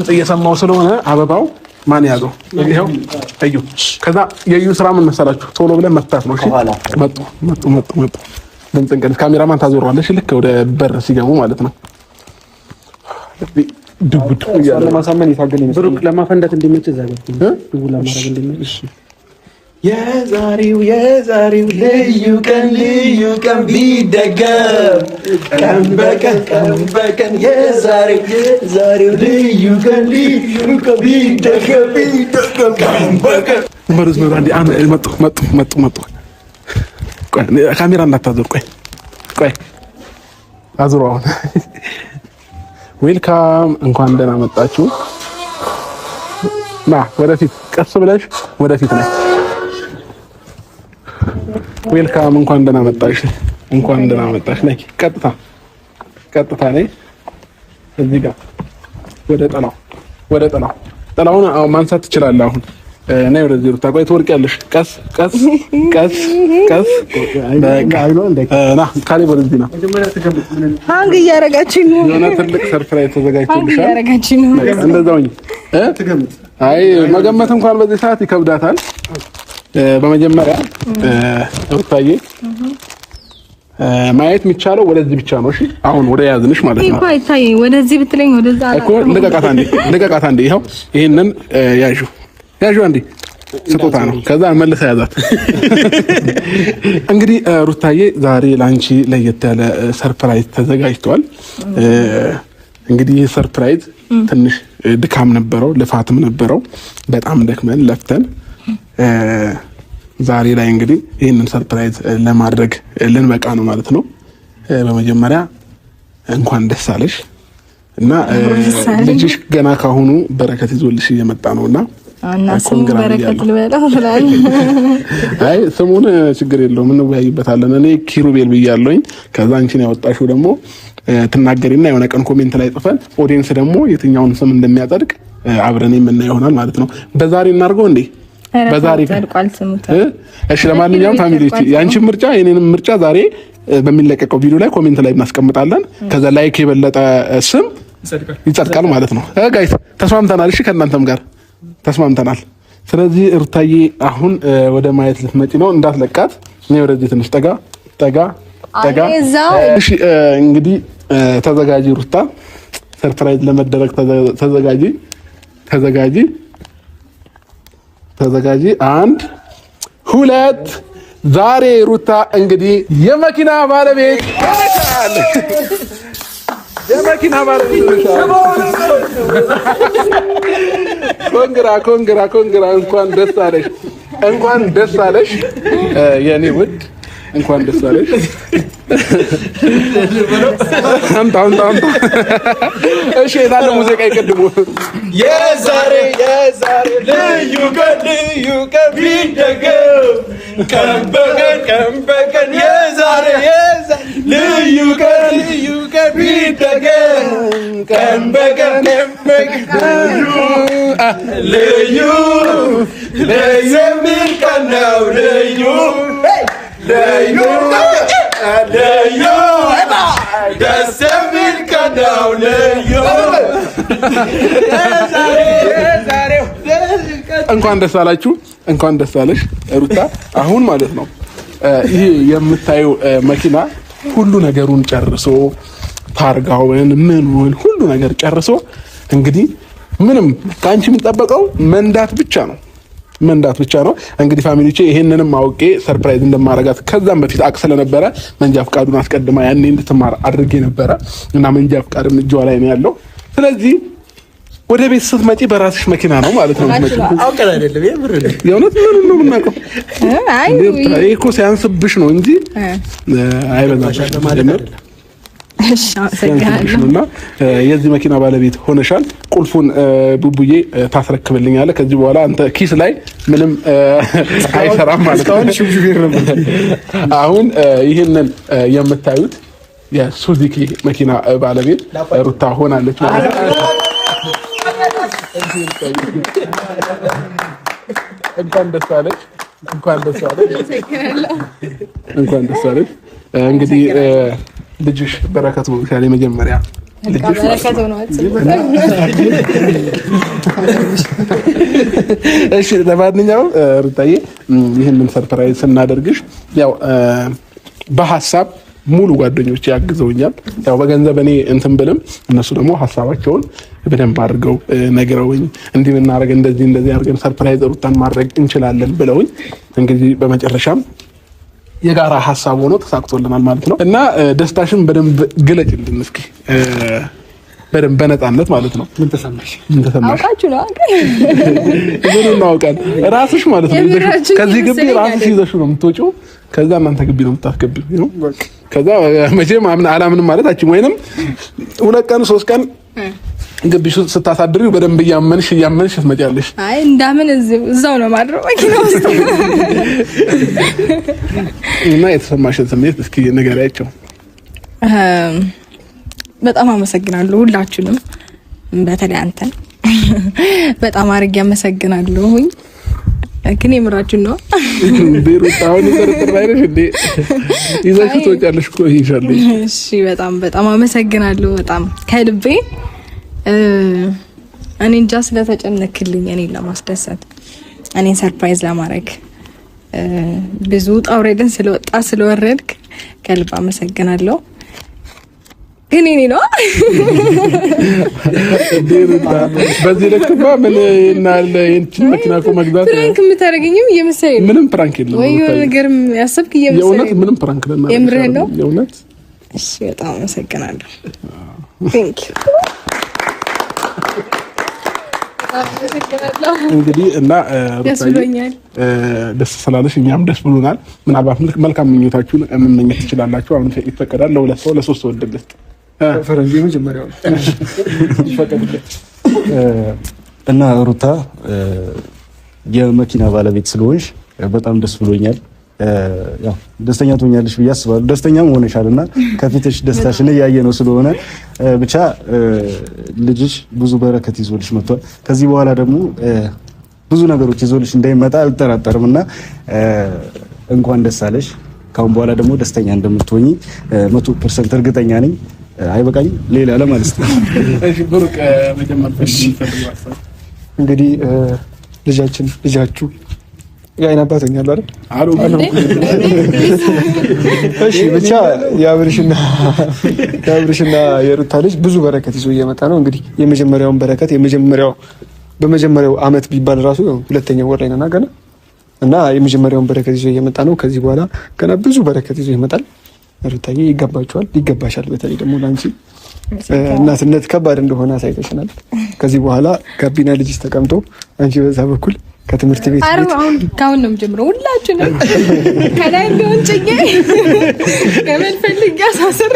ድምጽ እየሰማው ስለሆነ አበባው ማን ያዘው? ይሄው እዩ። ከዛ የዩ ስራ ምን መሰላችሁ? ቶሎ ብለን መፍታት ነው። እሺ፣ መጡ መጡ መጡ መጡ። ድምጽ እንቀንስ። ካሜራማን ታዞረዋለሽ። ልክ ወደ በር ሲገቡ ማለት ነው። ድቡ ድቡ እያለ ለማሳመን የታገለ ብሩክ ለማፈንዳት እንደሚመች እዛ ገብቶ ድቡ ለማድረግ እንደሚመች የዛሬው የዛሬው ልዩ ቀን ልዩ ቀን ቢደገም ቀን በቀን ቀን በቀን የዛሬው የዛሬው ልዩ ቀን ልዩ ቀን ቢደገም ቢደገም ቀን በቀን መሩዝ መሩ አንዴ አመ መጡ መጡ መጡ መጡ። ቆይ ካሜራ እንዳታዞር። ቆይ ቆይ አዞር። አሁን ዌልካም፣ እንኳን ደህና መጣችሁ። ና ወደፊት፣ ቀስ ብለሽ ወደፊት ነሽ ዌልካም እንኳን ደህና መጣሽ፣ እንኳን ደህና መጣሽ። ነይ ቀጥታ ቀጥታ ነይ እዚህ ጋር ወደ ጠላው ወደ ጠላው አው ማንሳት ትችላለህ። አሁን ነይ ወደዚህ ሩታ፣ ቆይ ትወድቂያለሽ። ቀስ ቀስ ቀስ ቀስ ና ካሌብ፣ ወደዚህ ና። አንግ እያደረጋችኝ ነው። የሆነ ትልቅ ሰርፕራይዝ ተዘጋጅቶልሻል። እንደዛው አይ መገመት እንኳን በዚህ ሰዓት ይከብዳታል። በመጀመሪያ ሩታዬ ማየት የሚቻለው ወደዚህ ብቻ ነው። እሺ አሁን ወደ ያዝንሽ ማለት ነው እንኳን አይታየኝ። ወደዚህ ብትለኝ ወደዛ እኮ ልቀቃት አንዴ፣ ልቀቃት አንዴ። ይኸው ይሄንን ያዥው፣ ያዡ፣ ያዡ አንዴ ስጦታ ነው። ከዛ መልሰ ያዛት። እንግዲህ ሩታዬ ዛሬ ላንቺ ለየት ያለ ሰርፕራይዝ ተዘጋጅቷል። እንግዲህ ይህ ሰርፕራይዝ ትንሽ ድካም ነበረው፣ ልፋትም ነበረው። በጣም ደክመን ለፍተን ዛሬ ላይ እንግዲህ ይህንን ሰርፕራይዝ ለማድረግ ልንበቃ ነው ማለት ነው። በመጀመሪያ እንኳን ደስ አለሽ እና ልጅሽ ገና ካሁኑ በረከት ይዞልሽ እየመጣ ነው እና አይ ስሙን ችግር የለውም እንወያይበታለን። እኔ ኪሩቤል ብያለሁኝ። ከዛ አንቺን ያወጣሽው ደግሞ ትናገሪና የሆነ ቀን ኮሜንት ላይ ጽፈን ኦዲየንስ ደግሞ የትኛውን ስም እንደሚያጸድቅ አብረን የምናየው ይሆናል ማለት ነው። በዛሬ እናድርገው እንዴ? በዛሬ እሺ። ለማንኛውም ፋሚሊ ያንቺን ምርጫ የኔንም ምርጫ ዛሬ በሚለቀቀው ቪዲዮ ላይ ኮሜንት ላይ እናስቀምጣለን። ከዛ ላይክ የበለጠ ስም ይጸድቃል ማለት ነው። ጋይስ ተስማምተናል። እሺ ከእናንተም ጋር ተስማምተናል። ስለዚህ እርታዬ አሁን ወደ ማየት ልትመጪ ነው፣ እንዳትለቃት። እኔ ወደዚህ ትንሽ ጠጋ ጠጋ ጠጋ። እሺ እንግዲህ ተዘጋጂ ሩታ፣ ሰርፕራይዝ ለመደረግ ተዘጋጂ ተዘጋጂ ተዘጋጂ። አንድ ሁለት። ዛሬ ሩታ እንግዲህ የመኪና ባለቤት የመኪና ባለቤት ኮንግራ ኮንግራ ኮንግራ። እንኳን ደስ አለሽ፣ እንኳን ደስ አለሽ የኔ ውድ እንኳን ደስ አለሽ። እሺ የታለ ሙዚቃ ይቀድሙ የዛሬ ቀን ቢደገም ቀን በቀን ቀን በቀን የዛሬ ልዩ ቀን ልዩ ቀን ቢደገም ቀን በቀን ልዩ ልዩ የሚል ቀን ነው ልዩ ልዩ ልዩ ደስ የሚል ቀን ነው ልዩ እንኳን ደስ አላችሁ። እንኳን ደስ አለሽ ሩታ። አሁን ማለት ነው ይሄ የምታየው መኪና ሁሉ ነገሩን ጨርሶ ታርጋውን ምኑን ሁሉ ነገር ጨርሶ እንግዲህ ምንም ከአንቺ የሚጠበቀው መንዳት ብቻ ነው መንዳት ብቻ ነው። እንግዲህ ፋሚሊቼ ይሄንንም አውቄ ሰርፕራይዝ እንደማረጋት ከዛም በፊት አቅ ስለነበረ መንጃ ፍቃዱን አስቀድማ ያኔ እንድትማር አድርጌ ነበረ እና መንጃ ፍቃድም እጇ ላይ ነው ያለው። ስለዚህ ወደ ቤት ስትመጪ በራስሽ መኪና ነው ማለት ነው። የእውነት ምን ነው የምናውቀው? ይህ እኮ ሲያንስብሽ ነው እንጂ አይበዛም። እና የዚህ መኪና ባለቤት ሆነሻል። ቁልፉን ቡቡዬ ታስረክብልኛለህ። ከዚህ በኋላ አንተ ኪስ ላይ ምንም አይሰራም ማለት ነው። አሁን ይህንን የምታዩት የሱዚኪ መኪና ባለቤት ሩታ ሆናለች ማለት ነው። እንኳን ደስ አለሽ። እንኳን ደስ አለሽ። እንኳን ደስ አለሽ። እንግዲህ ልጅሽ በረከት የመጀመሪያ እሺ። ለማንኛውም ሩታዬ ይህንን ሰርፕራይዝ ስናደርግሽ ያው በሀሳብ ሙሉ ጓደኞች ያግዘውኛል። ያው በገንዘብ እኔ እንትን ብልም እነሱ ደግሞ ሀሳባቸውን በደንብ አድርገው ነግረውኝ እንዲህ እናደርግ እንደዚህ እንደዚህ አድርገን ሰርፕራይዝ ሩታን ማድረግ እንችላለን ብለውኝ እንግዲህ በመጨረሻም የጋራ ሀሳብ ሆኖ ተሳክቶልናል ማለት ነው። እና ደስታሽን በደንብ ግለጭ እንድንስኪ በደንብ በነፃነት ማለት ነው። ምን ተሰማሽ? ምን ተሰማሽ? ራስሽ ማለት ነው። ከዚህ ግቢ ራስሽ ይዘሽ ነው የምትወጪው ከዛ እናንተ ግቢ ነው የምታስገቢው። ነው። ከዛ መቼም አላምንም ማለት አችም ወይንም ሁለት ቀን ሶስት ቀን ግቢሽ ስታሳድሪ በደንብ እያመንሽ እያመንሽ ትመጫለሽ። አይ እንዳምን እዛው ነው ማድረው መኪና ውስጥ እና የተሰማሽን ስሜት እስኪ ንገሪያቸው። በጣም አመሰግናለሁ ሁላችሁንም፣ በተለይ አንተን በጣም አድርጌ አመሰግናለሁኝ። ግን የምራችን ነው ቤሩት አሁን የጠረጠር አይነሽ እንዴ ይዘሽ ትወጫለሽ እኮ ይሻለሽ። እሺ፣ በጣም በጣም አመሰግናለሁ። በጣም ከልቤ እኔ እንጃ ስለተጨነክልኝ እኔን ለማስደሰት እኔን ሰርፕራይዝ ለማድረግ ብዙ ጣውረድን ስለወጣ ስለወረድክ ከልብ አመሰግናለሁ። ግን እኔ ነው በዚህ ልክማ ምን እናለ እንትን መኪና እኮ መግዛት ፕራንክ የምታደርገኝም እየመሰለኝ ነው። ምንም ፕራንክ የለም ወይ የሆነ ነገር ያሰብክ እየመሰለኝ ነው። የእውነት ምንም ፕራንክ ለማድረግ የምርህን ነው የእውነት። እሺ በጣም አመሰግናለሁ። ቴንክ ዩ እንግዲህ እና ደስ ስላለሽ እኛም ደስ ብሎናል። ምናልባት መልካም ምኞታችሁን መመኘት ትችላላችሁ። አሁን ይፈቀዳል። ለሁለት ሰው ለሶስት ሰው ልስጥ። ፈረንጅ መጀመሪያው እና ሩታ የመኪና ባለቤት ስለሆንሽ በጣም ደስ ብሎኛል። ያው ደስተኛ ትሆኛለሽ ብዬ አስባለሁ። ደስተኛም እና ከፊትሽ ደስታሽን እያየ ነው ስለሆነ ብቻ ልጅሽ ብዙ በረከት ይዞልሽ መጥቷል። ከዚህ በኋላ ደግሞ ብዙ ነገሮች ይዞልሽ እንዳይመጣ አልጠራጠርም እና እንኳን ደስ አለሽ። ካሁን በኋላ ደግሞ ደስተኛ እንደምትሆኝ መቶ ፐርሰንት እርግጠኛ ነኝ። አይበቃኝ ሌላ ለማለት እሺ መጀመር እንግዲህ ልጃችን ልጃችሁ የአይን አባተኛ አለ አይደል? እሺ ብቻ የአብርሽና የአብርሽና የሩታ ልጅ ብዙ በረከት ይዞ እየመጣ ነው። እንግዲህ የመጀመሪያውን በረከት የመጀመሪያው በመጀመሪያው አመት ቢባል ራሱ ሁለተኛው ወር ላይ ነና ገና እና የመጀመሪያውን በረከት ይዞ እየመጣ ነው። ከዚህ በኋላ ገና ብዙ በረከት ይዞ ይመጣል። ሩታዬ ይገባቸዋል፣ ይገባሻል። በተለይ ደግሞ ለአንቺ እናትነት ከባድ እንደሆነ አሳይተሽናል። ከዚህ በኋላ ጋቢና ልጅ ተቀምጦ አንቺ በዛ በኩል ከትምህርት ቤት አሁን ነው ጀምሮ ሁላችንም ከላይ ቢሆን ጭዬ ገመድ ፈልጌ አሳስር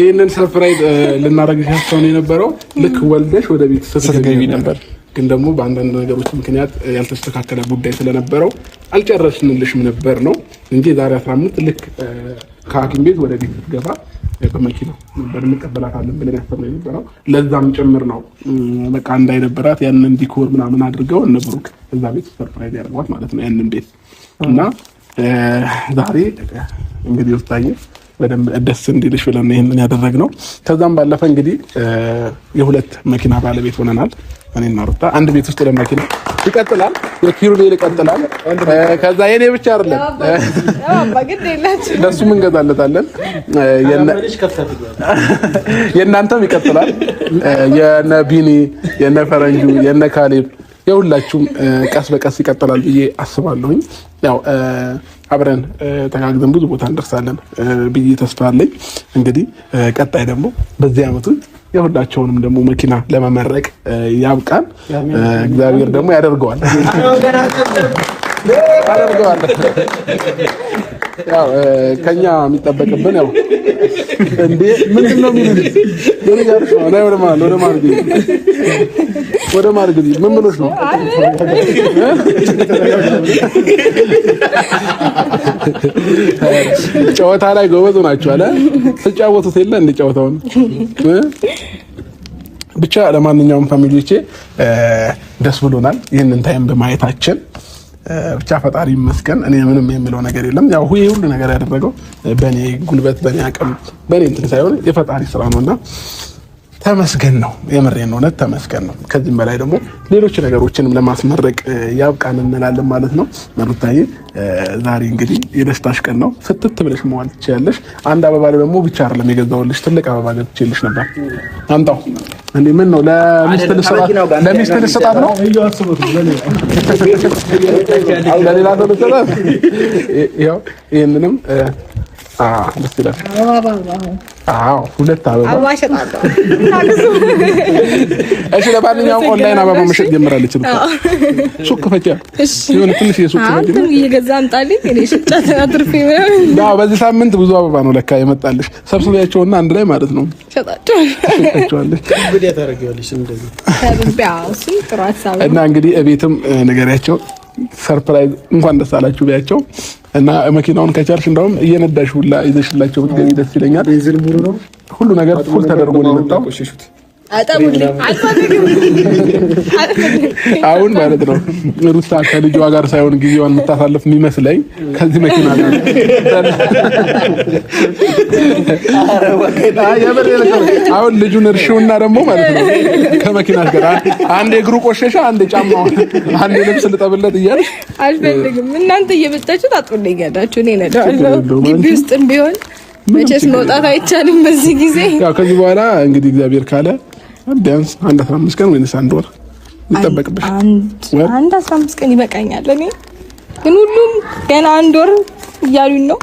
ይህንን ሰርፕራይዝ ልናደርግሽ ያሰውን የነበረው ልክ ወልደሽ ወደ ቤት ገቢ ነበር ግን ደግሞ በአንዳንድ ነገሮች ምክንያት ያልተስተካከለ ጉዳይ ስለነበረው አልጨረስንልሽም ነበር ነው እንጂ ዛሬ 15 ልክ ከሐኪም ቤት ወደ ቤት ስትገባ በመኪና ነበር እንቀበላታለን ብለን ያሰብነው የነበረው። ለዛም ጭምር ነው በቃ እንዳይነበራት ያንን ዲኮር ምናምን አድርገው እነ ብሩክ እዛ ቤት ሰርፕራይዝ ያደርጓት ማለት ነው ያንን ቤት እና ዛሬ እንግዲህ ውስታየ በደንብ ደስ እንዲልሽ ብለን ይህንን ያደረግነው። ከዛም ባለፈ እንግዲህ የሁለት መኪና ባለቤት ሆነናል። እኔ እና ሩታ አንድ ቤት ውስጥ ለመኪና ይቀጥላል፣ የኪሩቤል ይቀጥላል። ከዛ የኔ ብቻ አይደለም ለእሱም እንገዛለታለን። የእናንተም ይቀጥላል። የነ ቢኒ፣ የነ ፈረንጁ፣ የነ ካሌብ የሁላችሁም ቀስ በቀስ ይቀጥላል ብዬ አስባለሁኝ። ያው አብረን ተጋግዘን ብዙ ቦታ እንደርሳለን ብዬ ተስፋ አለኝ። እንግዲህ ቀጣይ ደግሞ በዚህ አመቱ የሁላቸውንም ደግሞ መኪና ለመመረቅ ያብቃን። እግዚአብሔር ደግሞ ያደርገዋል። ያው ከኛ የሚጠበቅብን ያው እንዴ ምንድን ነው የሚሉት? ነው ወደ ማን ወደ ማን ወደ ማን ምን ብሎሽ ነው? ጨዋታ ላይ ጎበዝ ናቸው አለ ተጫወቱት የለ እንደ ጨዋታውን ብቻ። ለማንኛውም ፋሚሊዎቼ ደስ ብሎናል ይህንን ታይም በማየታችን ብቻ ፈጣሪ ይመስገን። እኔ ምንም የምለው ነገር የለም። ያው ሁሌ ሁሉ ነገር ያደረገው በእኔ ጉልበት፣ በእኔ አቅም፣ በእኔ እንትን ሳይሆን የፈጣሪ ስራ ነው እና ተመስገን ነው። የምሬን እውነት ተመስገን ነው። ከዚህም በላይ ደግሞ ሌሎች ነገሮችንም ለማስመረቅ ያብቃን እንላለን ማለት ነው። መሩታዬ ዛሬ እንግዲህ የደስታሽ ቀን ነው። ፍትት ብለሽ መዋል ትችያለሽ። አንድ አበባ ደግሞ ብቻ አይደለም የገዛሁልሽ ትልቅ አበባ ገዝቼልሽ ነበር አምጣው እንዴ ምን ነው? ለሚስት ልሰጣት ለሚስት ልሰጣት ነው። ለሌላ ሰው ልሰጣት። ይሄንንም ደስ ይላል። አዎ ሁለት አበባ አበባ እሺ፣ ለማንኛውም ኦንላይን አበባ መሸጥ ጀምራለች። ልኩ ሱቅ ክፈቻ። እሺ፣ ትንሽ የሱቅ እየገዛ አምጣልኝ። በዚህ ሳምንት ብዙ አበባ ነው ለካ የመጣልሽ። ሰብስቢያቸውና አንድ ላይ ማለት ነው እና እንግዲህ እቤትም ንገሪያቸው ሰርፕራይዝ እንኳን ደስ አላችሁ ቢያቸው እና መኪናውን ከቻርጅ እንደውም እየነዳሽ ሁላ ይዘሽላቸው ብትገኝ ደስ ይለኛል። ሁሉ ነገር ሁሉ ተደርጎ ነው የመጣው። አሁን ማለት ነው ሩታ ከልጇ ጋር ሳይሆን ጊዜዋን የምታሳልፍ የሚመስለኝ ከዚህ መኪና ጋር አሁን ልጁን እርሺውና ደግሞ ማለት ነው ከመኪና ጋር አንድ እግሩ ቆሸሸ፣ አንድ ጫማው፣ አንድ ልብስ ልጠብለት እያልሽ አልፈልግም። እናንተ እየመጣችሁ ታጥሩልኝ ያላችሁ እኔ ነዳለሁ ግቢ ውስጥ ቢሆን መቼስ መውጣት አይቻልም በዚህ ጊዜ። ያው ከዚህ በኋላ እንግዲህ እግዚአብሔር ካለ ቢያንስ አንድ አስራ አምስት ቀን ወይስ አንድ ወር ይጠበቅብሽ? አንድ አስራ አምስት ቀን ይበቃኛል። እኔ ግን ሁሉም ገና አንድ ወር እያሉኝ ነው።